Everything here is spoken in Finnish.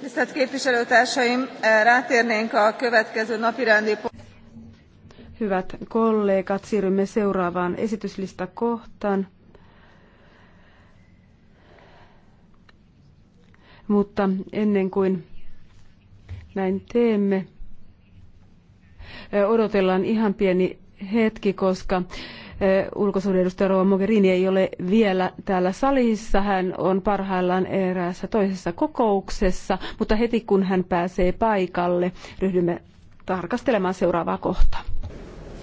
Tisztelt képviselőtársaim, eh, rátérnénk a következő napirendi Hyvät kollégat, siirrymme seuraavaan esityslistakohtaan. Mutta ennen kuin näin teemme, eh, odotellaan ihan pieni hetki, koska ulkosuhdeedustaja Rova Mogherini ei ole vielä täällä salissa. Hän on parhaillaan eräässä toisessa kokouksessa, mutta heti kun hän pääsee paikalle, ryhdymme tarkastelemaan seuraavaa kohtaa.